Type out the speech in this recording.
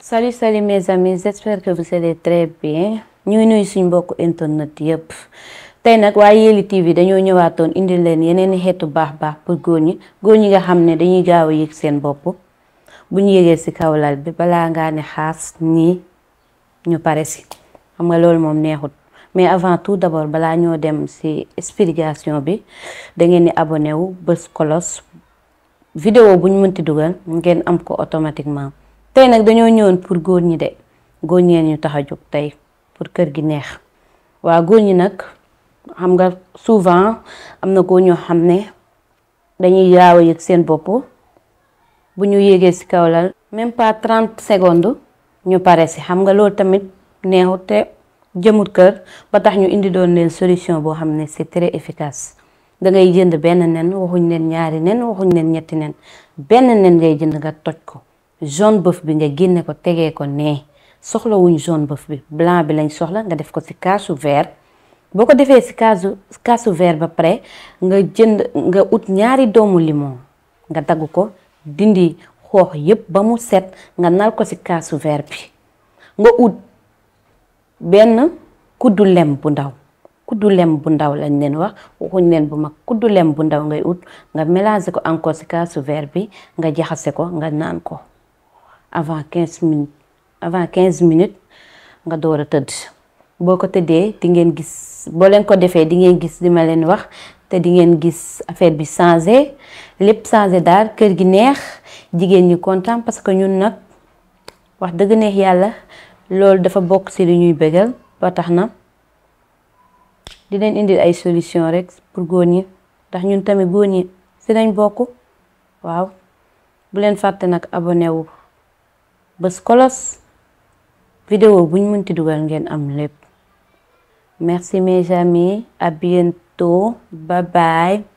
salut salut mes amis j'espère que vous allez très bien ñuy nuyu suñ mbokk internet yëpp tey nag waa Yelli TV dañoo ñëwaatoon indi leen yeneen i xeetu baax baax pour góor ñi góor ñi nga xam ne dañuy gaaw a yëg seen bopp bu ñu yëgee si kaw bi balaa ngaa ne xaas nii ñu pare si xam nga loolu moom neexut mais avant tout d'abord balaa ñoo dem si explication bi da ngeen di abonné wu bës kolos vidéo bu ñu mënti dugal ngeen am ko automatiquement tey nag dañoo ñëwoon pour góor ñi de góor ñeen ñu tax a jóg tey pour kër gi neex waa góor ñi nag xam nga souvent am na góor ñoo xam ne dañuy yaaw a yëg seen bopp bu ñu yéegee ci kaw lal même pas trente secondes ñu pare si xam nga loolu tamit neexut te jëmut kër ba tax ñu indi doon leen solution boo xam ne c'est très efficace da ngay jënd benn nen waxuñ leen ñaari nen waxuñ leen ñetti nen benn nen ngay jënd nga toj ko jaune bëf bi nga génne ko tegee ko nee soxlawuñ jaune bëf bi blanc bi lañ soxla nga def ko ci kaasu vert boo ko defee ci kaasu kaasu vert ba pare nga jënd nga ut ñaari doomu limon nga dagg ko dindi xoox yépp ba mu set nga nal ko ci kaasu vert bi nga ut benn kuddu lem bu ndaw kuddu lem bu ndaw lañ leen wax waxuñ leen bu mag kuddu lem bu ndaw ngay ut nga mélanger ko encore ci kaasu vert bi nga jaxase ko nga naan ko avant quinze minutes avant quinze minutes nga door a tëdd boo ko tëddee di ngeen gis boo leen ko defee dingeen gis di ma leen wax te di ngeen gis affaire bi changé lépp changé daal kër gi neex jigéen ñi kontaan parce que ñun nag wax dëgg neex yàlla loolu dafa bokk si li ñuy bégal ba tax na di leen indi ay solution rek pour góor ñi ndax ñun tamit góor ñi ci lañ bokk waaw bu leen fàtte nag abonné wu bës kolos vidéo buñ mënti dugal ngeen am lépp merci mes amis à bientôt bye